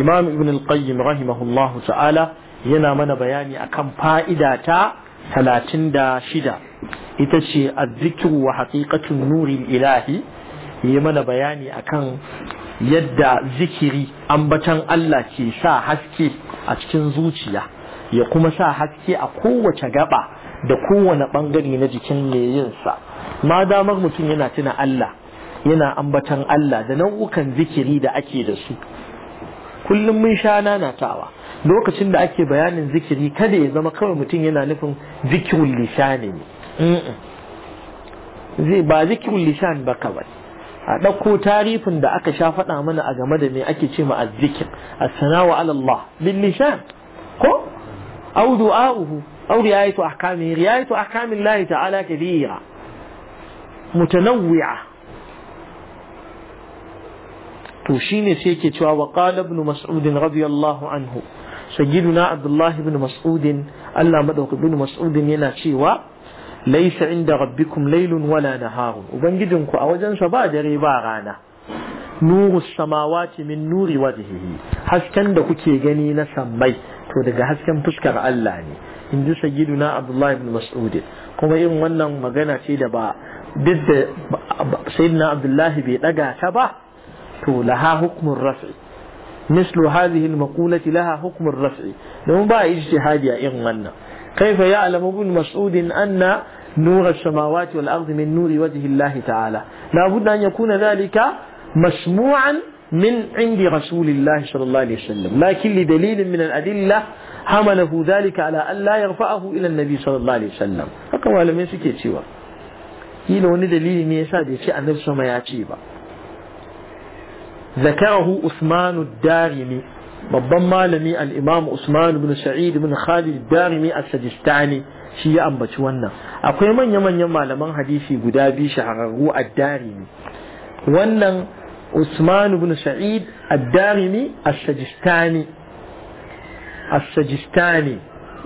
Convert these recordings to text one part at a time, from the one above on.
imam ibn al-qayyim rahimahullahu ta'ala yana mana bayani akan fa'ida ta 36 shida ita ce az-zikru wa haƙiƙatun nurin ilahi yi mana bayani akan yadda zikiri ambatan Allah ke sa haske a cikin zuciya ya kuma sa haske a kowace gaba da kowane bangare na jikin mai sa ma damar mutum yana tuna Allah yana ambatan Allah da nau'ukan zikiri da ake da su kullum mun sha nanatawa lokacin da ake bayanin zikiri kada ya zama kawai mutum yana nufin zikirul lisani ne zai ba zikirul lisan ba kawai a ɗauko tarifin da aka sha faɗa mana a game da me ake ce ma azzikir as-sana'u ala Allah bil lisan ko au du'a'uhu au riayatu ahkamihi riayatu ahkamillahi ta'ala kadira mutanawwi'a to shine sai yake cewa wa qala ibn mas'ud radiyallahu anhu sayyiduna abdullah ibn mas'ud Allah madaukakin ibn mas'ud yana cewa laysa inda rabbikum laylun wala Ubangijin ku a wajen sa ba dare ba rana nuru samawati min nuri wajhihi hasken da kuke gani na sammai to daga hasken fuskar Allah ne in ji sayyiduna abdullahi ibn mas'ud kuma irin wannan magana ce da ba duk da sayyidina abdullahi bai daga ta ba to لها حكم الرفع مثل هذه المقولة لها حكم الرفع لهم با اجتهاد يا إغوانا كيف يعلم ابن مسعود أن نور السماوات والأرض من نور وجه الله تعالى لا بد أن يكون ذلك مسموعا من عند رسول الله صلى الله عليه وسلم لكن لدليل من الأدلة حمله ذلك على أن لا يرفعه إلى النبي صلى الله عليه وسلم هكذا لم يسكت سوى يلون دليل من دي النبي صلى الله عليه وسلم ذكره عثمان الدارمي babban malami al'imam Usman ibn Sa'id ibn Khalid Darimi a Sajistani shi ya ambaci wannan akwai manya-manyan malaman hadisi guda biyu shahararru a Darimi wannan Usman ibn Sa'id ad-Darimi a Sajistani a Sajistani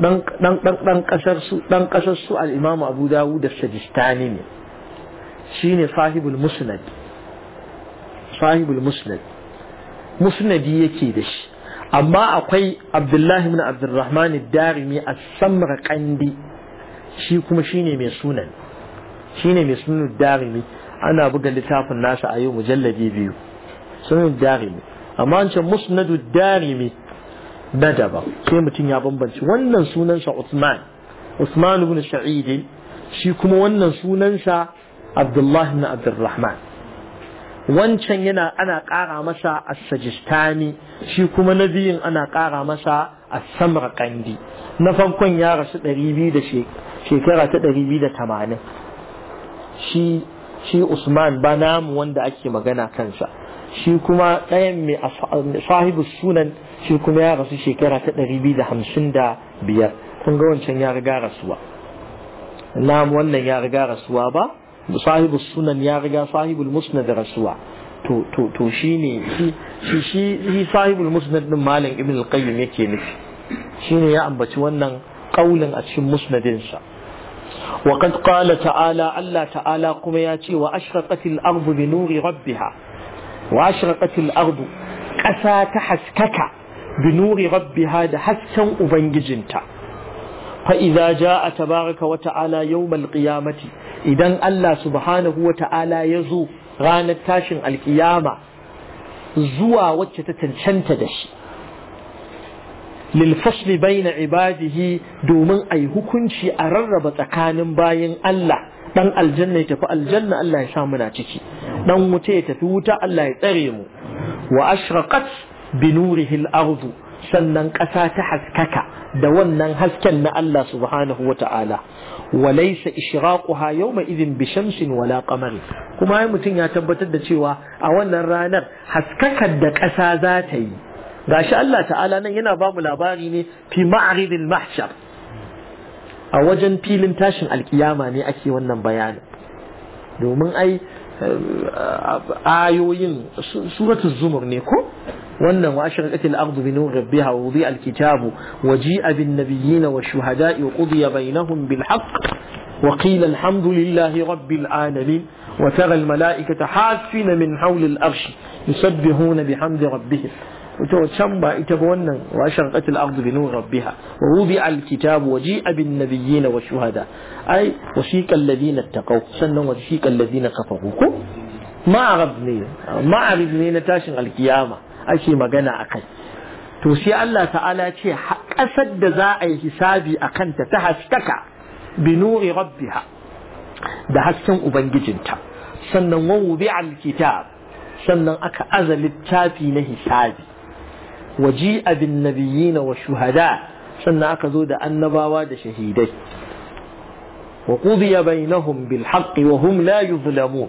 dan kasar su dan kasar su al-Imam Abu Dawud da Sajistani ne shine sahibul Musnad صاحب المسند مسندي يكيدش أما أقوي عبد الله من عبد الرحمن الدارمي السمر قندي شي كما شيني من سنن شيني من سنن الدارمي أنا أبقى لتعف الناس أيو مجلدي بيو سنن الدارمي أما أنت مسند الدارمي ندبا شي متين يابن بنش ونن سنن شا عثمان عثمان بن سعيد شي كما ونن سنن شا عبد الله بن عبد الرحمن wancan yana ana ƙara masa a sajistani shi kuma na biyun ana ƙara masa samar ƙandi na farkon ya rasu ɗari biyu da shekara ta ɗari biyu da shi shi Usman ba namu wanda ake magana kansa shi kuma ɗayan mai sahibu sunan shi kuma ya rasu shekara ta ɗari biyu da biyar. kun ga wancan ya riga rasuwa namu wannan ya riga rasuwa ba صاحب السنن يا غيا صاحب المسند رسوع تو تو تو شيني شي شي, شي, صاحب المسند من مالك ابن القيم يكي نفي شيني يا أمبت ونن قولا أتشم مسند إنسا وقد قال تعالى ألا تعالى قم ياتي وأشرقت الأرض بنور ربها وأشرقت الأرض كسا تحسكك بنور ربها دحسن أبنجزنت فإذا جاء تبارك وتعالى يوم القيامة idan Allah subhanahu wa ta'ala ya zo ranar tashin alkiyama zuwa wacce ta cancanta da shi lil lilfasli bayna ibadihi domin ai hukunci a rarraba tsakanin bayin Allah dan aljanna ya tafi aljanna Allah ya sa muna ciki dan wuta ya tafi wuta Allah ya tsare mu wa ashraqat bi nurihi al ardh sannan ƙasa ta haskaka da wannan hasken na Allah subhanahu wa ta'ala walaisa ishraquha yawma idhin bi shamsin wala qamari kuma ai mutum ya tabbatar da cewa a wannan ranar haskaka da ƙasa za ta yi gashi Allah ta'ala nan yana ba mu labari ne fi ma'ridil mahshar a wajen filin tashin alkiyama ne ake wannan bayanin domin ai ayoyin suratul zumur ne ko wannan wa ashraqat al bi nur rabbiha wa wudi al-kitabu wa ji'a bin nabiyina wa shuhada'i wa qudiya bainahum bil haqq wa qila alhamdulillahi rabbil alamin wa tara al-mala'ikata hasina min hawli al-arshi yusabbihuna bihamdi rabbihim ita can ba ita ba wannan wa shanqat al-ardu bi nur rabbiha wa wudi al-kitab wa ji'a bin nabiyyin wa shuhada ai wasiqa ladina taqaw sannan wasiqa ladina kafaru ko ma'arab ne ma'arab ne na tashin kiyama ake magana akai to sai Allah ta'ala ce kasar da za a yi hisabi a kanta ta haskaka bi nuri rabbiha da hasken ubangijinta sannan wa wudi al-kitab sannan aka azalittafi na hisabi وجيء بالنبيين والشهداء سنة أكذو دا النباوة دا شهيدي وقضي بينهم بالحق وهم لا يظلمون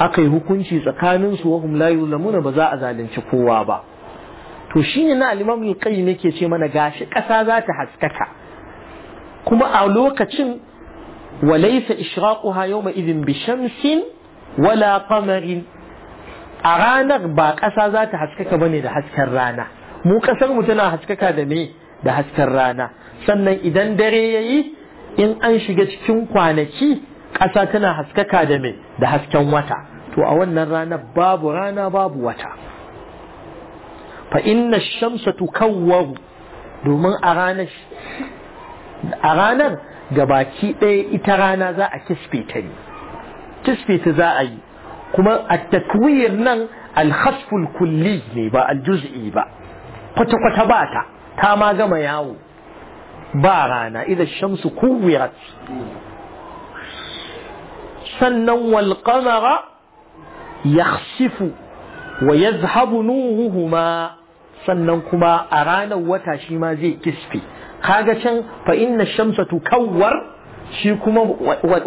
أقي هكونشي سكاننس وهم لا يظلمون بزاء ذالن شكوا با to shine na al-Imam al-Qayyim yake ce mana gashi ƙasa za ta haskaka kuma a lokacin walaysa ishraquha yawma idhin bi shamsin wala qamarin a ranar ba ƙasa za ta haskaka bane da hasken rana mu ƙasar mu tana haskaka da me da hasken rana sannan idan dare ya yi in an shiga cikin kwanaki ƙasa tana haskaka da me da hasken wata to a wannan ranar babu rana babu wata fa inna shamsa tukawwaru domin a ranar a ranar gabaki ɗaya ita rana za a kisfe ta ne kisfe ta za a yi kuma a takwir nan alhasful kulli ne ba aljuz'i ba kwata-kwata ba ta ta ma gama yawo ba rana idan shamsu kuwirat sannan walƙamara ya wa ya zahabu nuhuhuma sannan kuma a ranar wata shi ma zai kisfe kaga can fa inna shamsa tukawwar shi kuma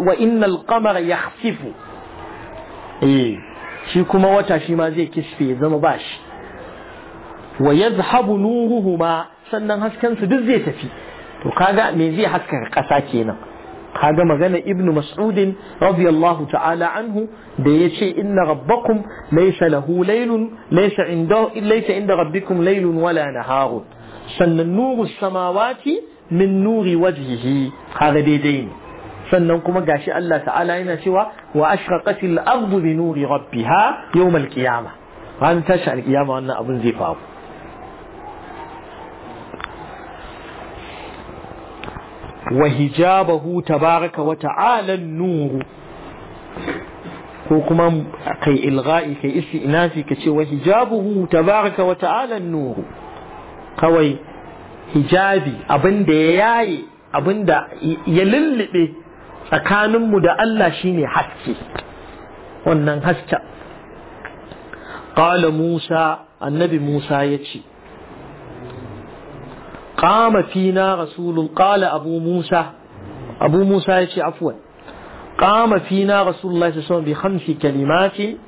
wa inna alqamara yakhsifu eh shi kuma wata shi ma zai kisfe zama bashi wa yazhabu nuruhuma sannan hasken su duk zai tafi to kaga me zai haskaka kasa kenan kaga magana ibnu mas'udin radiyallahu ta'ala anhu da yace inna rabbakum laysa lahu laylun laysa inda laysa inda rabbikum laylun wala naharun sannan nuru samawati min nuri wajhihi kaga daidai ne sannan kuma gashi Allah ta'ala yana cewa واشرقت الارض بنور ربها يوم القيامه وان تشع القيامه وان ابن زفاف وهجابه تبارك وتعالى النور كما كي الغاء كي استئناسي كشي وهجابه تبارك وتعالى النور كوي هجابي ابن دياي ابن دا يللبي tsakaninmu da Allah shine haske wannan haske qala Musa annabi Musa yace qama fina rasulun qala abu Musa abu Musa yace afwan qama fina rasulullahi sallallahu alaihi wasallam bi khamsi kalimatin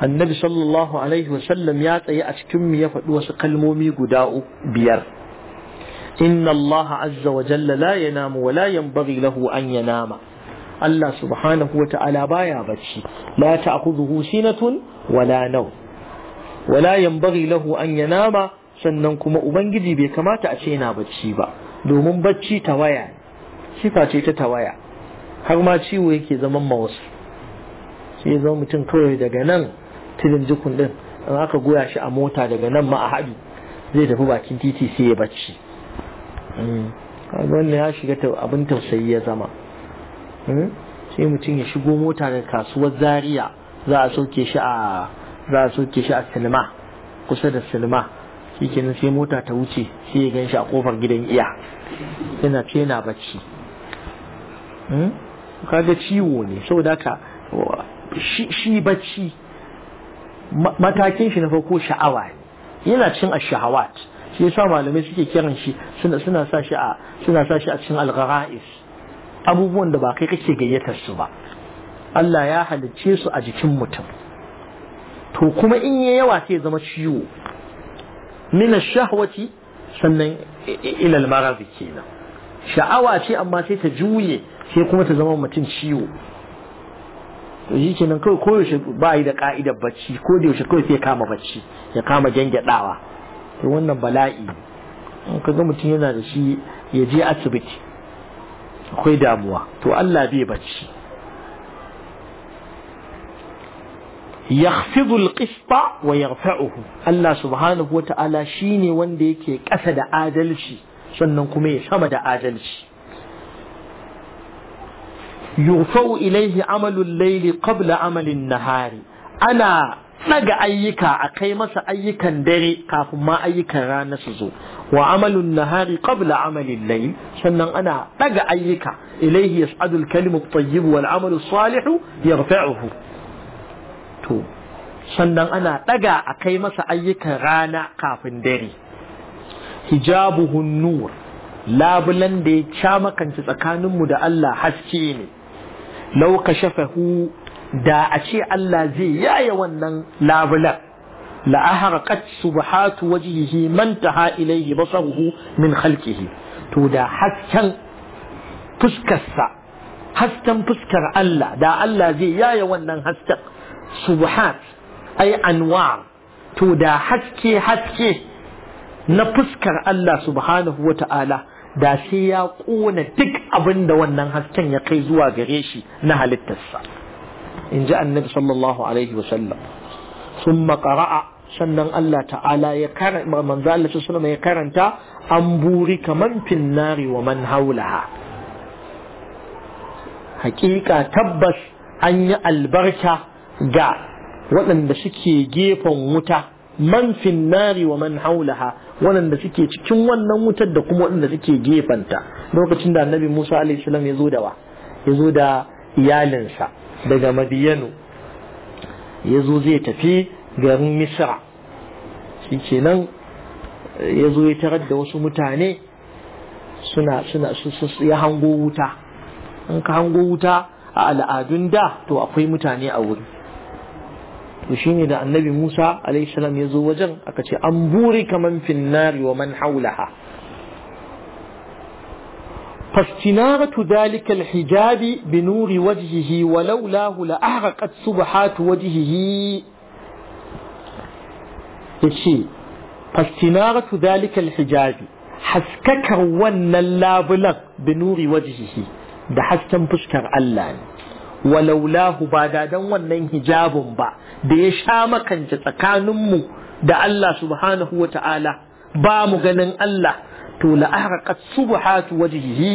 annabi sallallahu alaihi wasallam ya tsaye a cikin mu ya faɗi wasu kalmomi guda biyar inna Allah azza wa jalla la yanamu wa la yanbaghi lahu an yanama Allah subhanahu wa ta'ala baya bacci la ta'khudhuhu sinatun wala naw wala yanbaghi lahu an yanama sannan kuma ubangiji bai kamata a ce yana bacci ba domin bacci tawaya sifa ce ta tawaya har ma ciwo yake zaman ma wasu sai zama mutum kawai daga nan tilin jikun din in aka goya shi a mota daga nan ma a haɗu zai tafi bakin titi sai ya bacci hmm. wannan ya shiga abin tausayi ya zama Hmm? sai mutum ya shigo mota daga kasuwar Zariya, za a soke shi a za a soke shi a sinima kusa da sinima shi ke sai mota ta wuce sai ya gan shi a kofar gidan iya yana ce bacci hmm? kaga ciwo ne saboda ka shi bacci matakin shi na farko sha'awa yana cin a shahawat shi yasa malamai suke kiran shi suna sa shi a suna sa cikin al abubuwan da ba kai kake gayyatar su ba Allah ya halicce su a jikin mutum to kuma in yi yawa sai zama ciwo mina shahwati sannan ilal maradi kenan sha'awa ce amma sai ta juye sai kuma ta zama mutum ciwo to shi kenan kawai koyaushe ba yi da ka'idar bacci ko da yaushe kawai sai kama bacci ya kama gyangyaɗawa to wannan bala'i in ka ga mutum yana da shi ya je asibiti akwai damuwa to Allah bai bacci yakhfidu alqista wa yarfa'uhu Allah subhanahu wata'ala shine wanda yake kasa da adalci sannan kuma ya sama da adalci yufau ilayhi amalu al-layli qabla amali an-nahari ana daga ayyuka a kai masa ayyukan dare kafin ma ayyukan rana su zo wa amalun nahari qabla amalin layl sannan ana daga ayyuka ilayhi yas'adu al-kalimu at-tayyib wal amalu salihu yarfa'uhu to sannan ana daga a kai masa ayyukan rana kafin dare hijabuhun nur labulan da ya sha makanci tsakaninmu da Allah haske ne law kashafahu da a ce Allah zai yaye wannan labulan la aharqat subhatu wajhihi man taha ilayhi basaruhu min khalqihi to da hasken fuskarsa hasken fuskar Allah da Allah zai yaye wannan hasken subhat ay anwar to da haske haske na fuskar Allah subhanahu wa ta'ala da sai ya ƙona duk abin da wannan hasken ya kai zuwa gare shi na halittarsa in ji annabi sallallahu alaihi wasallam sun makara'a sannan Allah ta'ala ya karanta manzo Allah sallallahu ya karanta an buri kaman finnari wa man haulaha hakika tabbas an yi albarka ga waɗanda suke gefen wuta man finnari wa man haulaha waɗanda suke cikin wannan wutar da kuma waɗanda suke gefenta lokacin da annabi Musa alaihi salam ya zo da wa ya zo da iyalinsa daga madiyanu ya zo zai tafi garin misra shi kenan ya zo ya tarar da wasu mutane suna suna ya hango wuta in ka hango wuta a al'adun da to akwai mutane a wuri to shi ne da annabi musa alaihissalam ya zo wajen aka ce an buri kamar finnari wa man haulaha فاستنارة ذلك الحجاب بنور وجهه ولولاه لأحرقت سبحات وجهه يشي فاستنارة ذلك الحجاب حسكك ون اللابلغ بنور وجهه ده حسن فشكر اللان ولولاه بعد دون ون انهجاب با ده يشام كان تتكانم ده الله سبحانه وتعالى با مغنن الله to la'arqat subuhatu wajhihi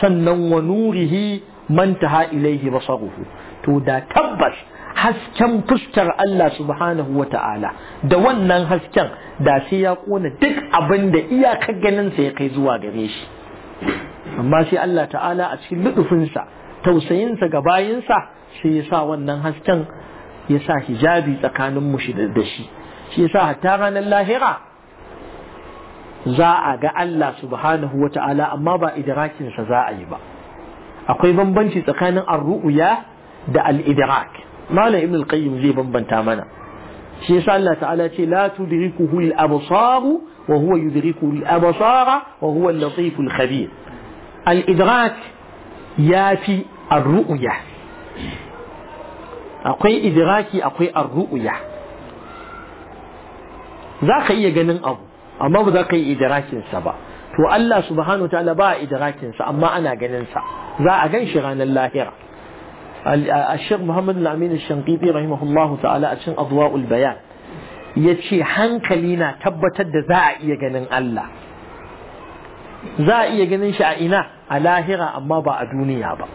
sannan wa nurihi man taha ilaihi basaruhu to da tabbas hasken fuskar Allah subhanahu wa ta'ala da wannan hasken da sai ya kona duk abin da iyakar ganinsa ya kai zuwa gare shi amma sai Allah ta'ala a cikin lutufinsa tausayinsa ga bayinsa sai ya sa wannan hasken ya sa hijabi tsakanin mu da shi shi ya sa hatta ranar lahira za a ga Allah subhanahu wa ta'ala amma ba idrakinsa za a yi ba akwai bambanci tsakanin ar-ru'ya da al-idrak malam ibn al-qayyim zai bambanta mana shi yasa Allah ta'ala ce la tudrikuhu al-absar wa huwa yudriku al-absar wa huwa al-latif al-khabir al-idrak ya fi ar-ru'ya akwai idraki akwai ar-ru'ya za ka iya ganin abu amma ba za ka yi idrakinsa ba to Allah subhanahu wataala ba idrakinsa amma ana ganin sa za a gan shi ranar lahira الشيخ محمد الأمين الشنقيطي رحمه الله تعالى أشن أضواء البيان يتشي هنكلينا تبتد زائي جنن الله زائي جنن شعينا الاهرة أما با الدنيا با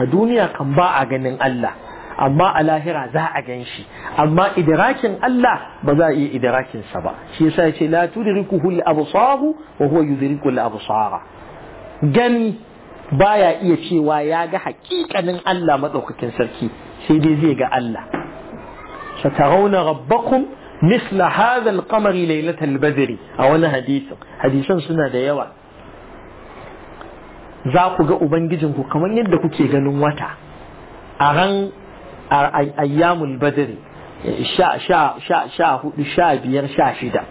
الدنيا كم با جنن الله amma a lahira za a gan shi amma idrakin Allah ba za a iya idrakin sa ba shi yasa yace la tudrikuhu al-absar wa huwa yudriku al-absara gani baya iya cewa ya ga hakikanin Allah madaukakin sarki sai dai zai ga Allah satarawna rabbakum misla hadha al-qamar laylatal badri a wani hadisin hadisan suna da yawa za ku ga ubangijinku kamar yadda kuke ganin wata a ran ayyamul badr sha sha sha hudu sha biyar sha shida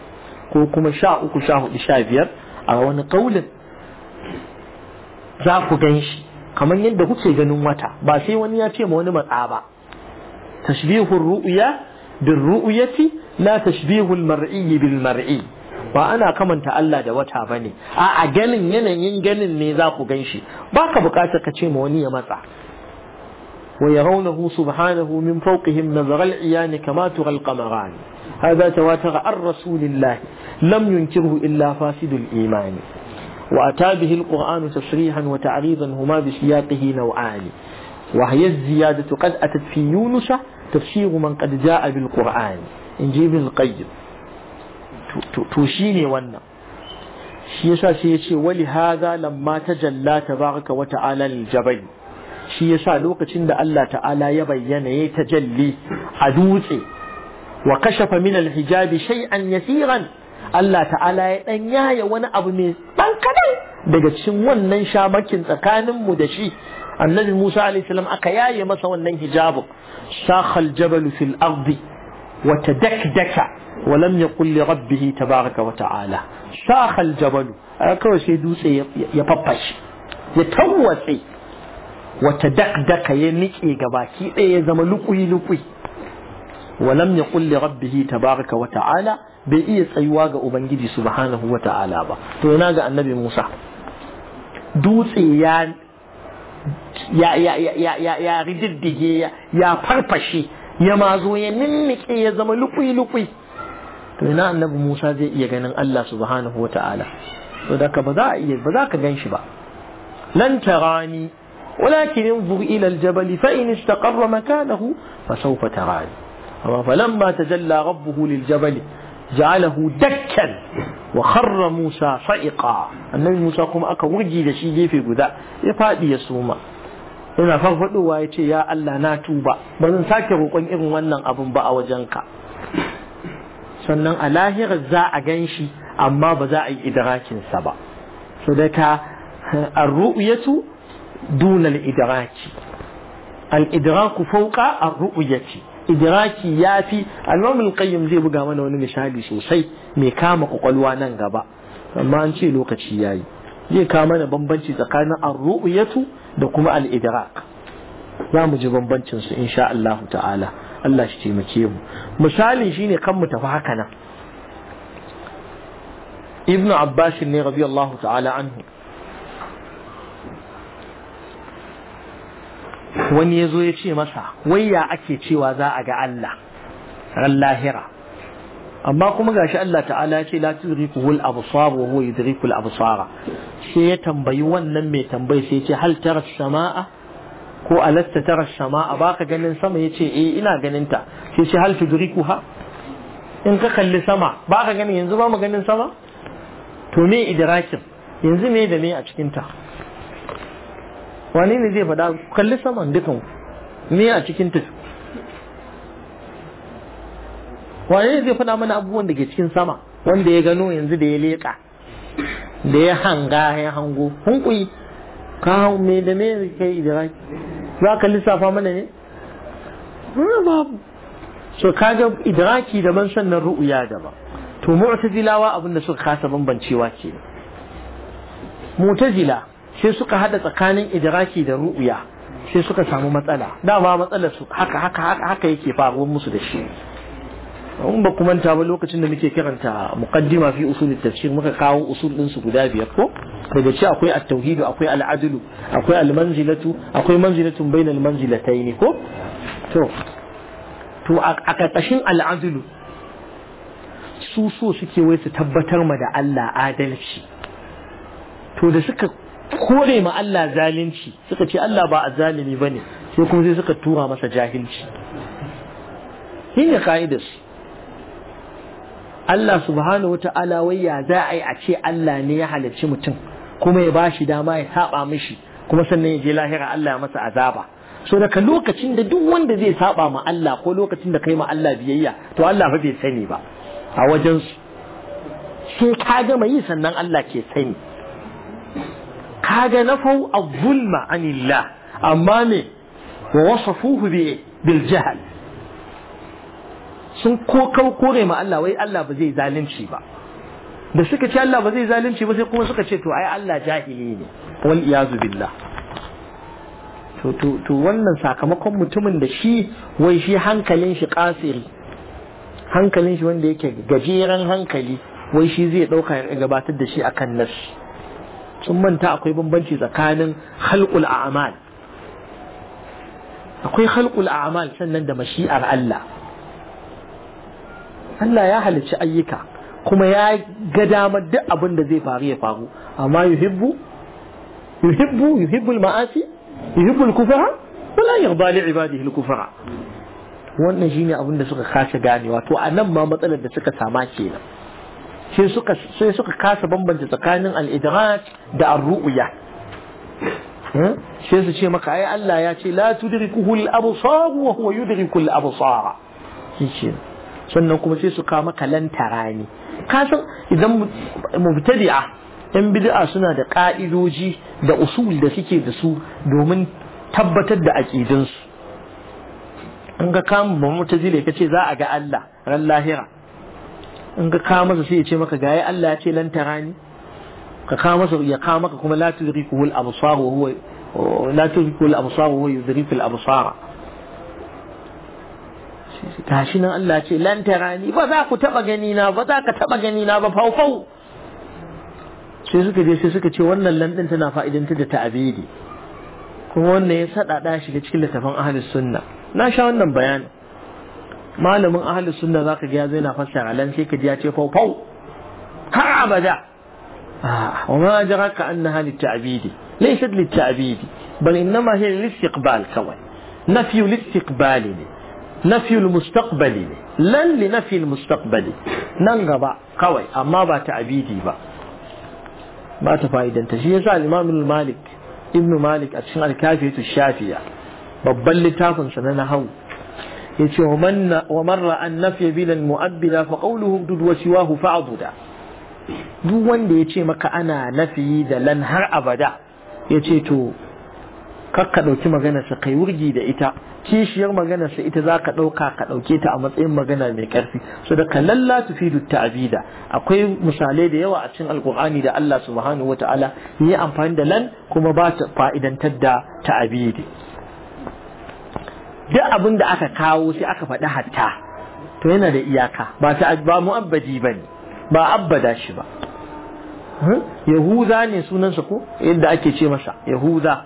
ko kuma sha uku sha hudu sha biyar a wani kaulin za ku gan kamar yadda kuke ganin wata ba sai wani ya ce ma wani matsa ba tashbihun ru'ya bin ru'yati la tashbihul mar'i bil mar'i ba ana kamanta Allah da wata bane a a ganin yanayin ganin ne za ku gan shi ba bukatar ka ce ma wani ya matsa ويرونه سبحانه من فوقهم نظر العيان كما ترى القمران هذا تواتر عن رسول الله لم ينكره إلا فاسد الإيمان وأتى به القرآن تصريحا وتعريضا هما بسياقه نوعان وهي الزيادة قد أتت في يونس تفسير من قد جاء بالقرآن إنجيل القيم توشيني ونا شيشا شيشي ولهذا لما تجلى تبارك وتعالى للجبين shi yasa lokacin da Allah ta'ala ya bayyana ya tajalli a dutse wa kashafa min alhijabi shay'an yasiran Allah ta'ala ya dan yaya wani abu mai dan kadan daga cikin wannan shamakin tsakanin mu da shi annabi Musa alayhi salam aka yaye masa wannan hijabu sakhal jabalu fil ardi wa tadakdaka wa lam tadakkaka ولم يقل لربه تبارك وتعالى شاخ الجبل aka wace dutse ya faffashi ya tawwatse wata dakdaka ya niƙe ga baki ɗaya ya zama lukui-lukui walam ya kulle rabbihi tabaraka wa ta'ala bai iya tsayuwa ga ubangiji subhanahu wa ta'ala ba to yana ga annabi musa dutse ya ya ya ya ya rididdige ya farfashe ya mazo ya ninnike ya zama lukui-lukui to ina annabi musa zai iya ganin allah subhanahu wa ta'ala to da ka ba za ka gan shi ba lan tarani ولكن انظر إلى الجبل فإن استقر مكانه فسوف تراني فلما تجلى ربه للجبل جعله دكا وخر موسى صعقا النبي موسى قم أكا ورجي لشي في قداء يفادي يسوما إنا فرفضوا وايتي يا ألا ناتوبا بل انساكر قن إرم ونن أبن بأ وجنك سنن الله غزاء أغنشي أما بزاء إدراك سبا فذكا الرؤية دون الإدراك الإدراك فوق الرؤية idraki ya fi almamin qayyim zai buga mana wani misali sosai mai kama kwakwalwa nan gaba amma an ce lokaci yayi zai kama mana bambanci tsakanin ar-ru'yatu da kuma al-idrak za mu ji bambancin su insha Allah ta'ala Allah shi taimake mu misalin shine kanmu mu tafi haka nan ibnu abbas ne radiyallahu ta'ala anhu wani ya zo ya ce masa wayya ake cewa za a ga Allah ran lahira amma kuma gashi Allah ta'ala ce la tudrikuhul absar wa huwa yudrikul absar sai ya tambayi wannan mai tambayi sai ya ce hal tara samaa ko alasta tara samaa baka ganin sama ya ce, eh ina ganin ta sai ce hal tudrikuha in ka kalli sama baka ganin yanzu ba mu ganin sama to me idrakin yanzu me da me a cikin ta wani ne zai faɗa kalli saman dukan ne a cikin tutu. wani ne zai faɗa mana abubuwan da ke cikin sama wanda ya gano yanzu da ya leƙa da ya hanga ya hango hunkuri ka hau me da me kai da za ka lissafa mana ne hmm, babu so ga idraki man sannan ru'uya daban to mu'tazilawa abin da suka kasa bambancewa ke mu'tazila sai suka hada tsakanin idiraki da ru'uya sai suka samu matsala dama matsalar su haka haka haka haka yake faruwar musu da shi in ba kuma ta ba lokacin da muke kiranta muqaddima fi usul tafsir muka kawo usul din su guda biyar ko daga ci akwai at-tauhid akwai al-adl akwai al-manzilatu akwai manzilatun bayna al-manzilatayn ko to to a karkashin al-adl su so suke wai su tabbatar ma da Allah adalci to da suka kore ma Allah zalunci suka ce Allah ba a ba ne. sai kuma sai suka tura masa jahilci shine da su Allah subhanahu wa wai ya za a yi a ce Allah ne ya halarci mutum kuma ya bashi dama ya saba mishi kuma sannan ya je lahira Allah ya masa azaba so daga lokacin da duk wanda zai saba ma Allah ko lokacin da kai ma Allah biyayya to Allah fa bai sani ba a wajen su sai ka gama yi sannan Allah ke sani kaga nafau az-zulma anillah amma ne wa wasafuhu bil jahl sun ko kore ma Allah wai Allah ba zai zalunci ba da suka ce Allah ba zai zalunci ba sai kuma suka ce to ai Allah jahili ne wal iyazu billah to to to wannan sakamakon mutumin da shi wai shi hankalin shi kasiri hankalin shi wanda yake gajeren hankali wai shi zai dauka ya gabatar da shi akan nashi sun manta akwai bambanci tsakanin khalqul a'mal akwai khalqul a'mal sannan da mashi'ar Allah Allah ya halicci ayyuka kuma ya ga damar duk abin da zai faru ya faru amma yuhibbu yuhibbu yuhibbu al ma'asi yuhibbu yuhibbul kufara wala yarda li ibadihi al-kufara wannan shine abin da suka kasa ganewa to anan ma matsalar da suka sama kenan sai suka kasa bambanta tsakanin al da ar-ru'ya hmm? sai su ce maka ai Allah ya ce la tudrikuhu al-absar wa huwa yudriku al-absara shi sannan kuma sai su ka maka lantara ne ka san idan mubtadi'a yan bid'a suna da ka'idoji da usul da suke da su domin tabbatar da aqidansu an ga kamun mutazile kace za a ga Allah ran lahira in ka kawo masa sai ya ce maka gaya Allah ya ce lan tarani ka kawo masa ya kawo maka kuma la tudriku al absar wa huwa la tudriku al absar wa yudriku al absar gashi nan Allah ce lan tarani ba za ku taba gani na ba za ka taba gani na ba faufau sai suka je sai suka ce wannan lan tana fa'idanta da ta'abidi kuma wannan ya sadada shiga cikin littafin ahlus sunna na sha wannan bayanin malamin ahli sunna zaka ka ga yana fassara alan sai ka ji ya ce fau fau har abada wa ma jaraka anna ta'bidi laysa laysat ta'bidi bal innama hiya istiqbal kawai nafyu listiqbali ne nafyu almustaqbali ne lan li nafi nafyi mustaqbali nan gaba kawai amma ba ta'bidi ba ba ta fa'idan ta shi yasa al-imam al malik ibn malik a cikin al-kafiyatu shafiya babban littafin sa na nahwu yace wa man an-nafya bil mu'abbida fa qawluhu dud wa siwahu fa'buda duk wanda yace maka ana nafi da lan har abada yace to kakka dauki magana sa kai wurgi da ita kishiyar magana sa ita zaka dauka ka dauke ta a matsayin magana mai karfi so da kallalla tufidu ta'bida akwai misalai da yawa a cikin alqur'ani da Allah subhanahu wataala yayi amfani da lan kuma ba ta fa'idantar da ta'bidi duk abin da aka kawo sai aka faɗi hatta to yana da iyaka ba ta ba mu'abbadi ba ne ba abbada shi ba yahuza ne sunan sa ko yadda ake ce masa yahuza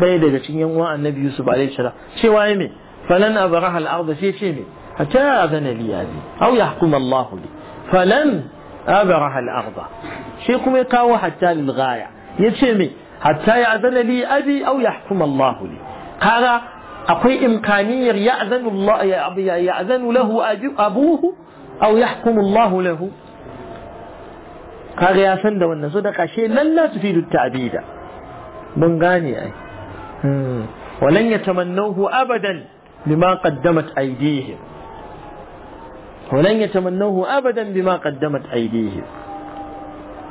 bai daga cikin yan uwan annabi yusuf alaihi salam cewa ya me falan abraha al-ardh sai ce me hatta azana li abi aw yahkum Allah li falan abraha al-ardh shi kuma ya kawo hatta lil ghaya yace me hatta ya azana li abi aw yahkum Allah li kaga أقي إمكانية يأذن الله يأذن له أبوه أو يحكم الله له هذا ياسن دو النسو لن لا تفيد التعبيد بنغاني أي ولن يتمنوه أبدا بما قدمت أيديهم ولن يتمنوه أبدا بما قدمت أيديهم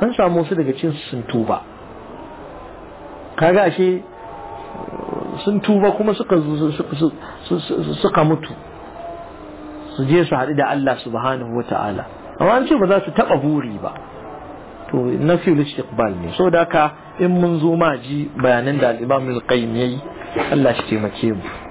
أنسى موسى دقا شيء سنتوبة هذا شيء sun tuba kuma suka mutu su je su haɗu da Allah subhanahu wa ta'ala amma an ce ba za su taɓa buri ba to na fil istiqbal ne so da ka in mun zo ma ji bayanan da al-imam qayyim yayi Allah shi taimake mu